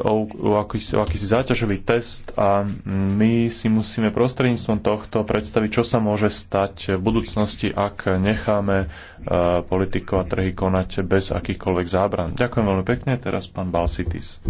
o, o, akýsi, o akýsi záťažový test a my si musíme prostredníctvom tohto predstaviť, čo sa môže stať v budúcnosti, ak necháme uh, e, politikov a trhy konať bez akýchkoľvek zábran. Ďakujem veľmi pekne, teraz pán Balsitis.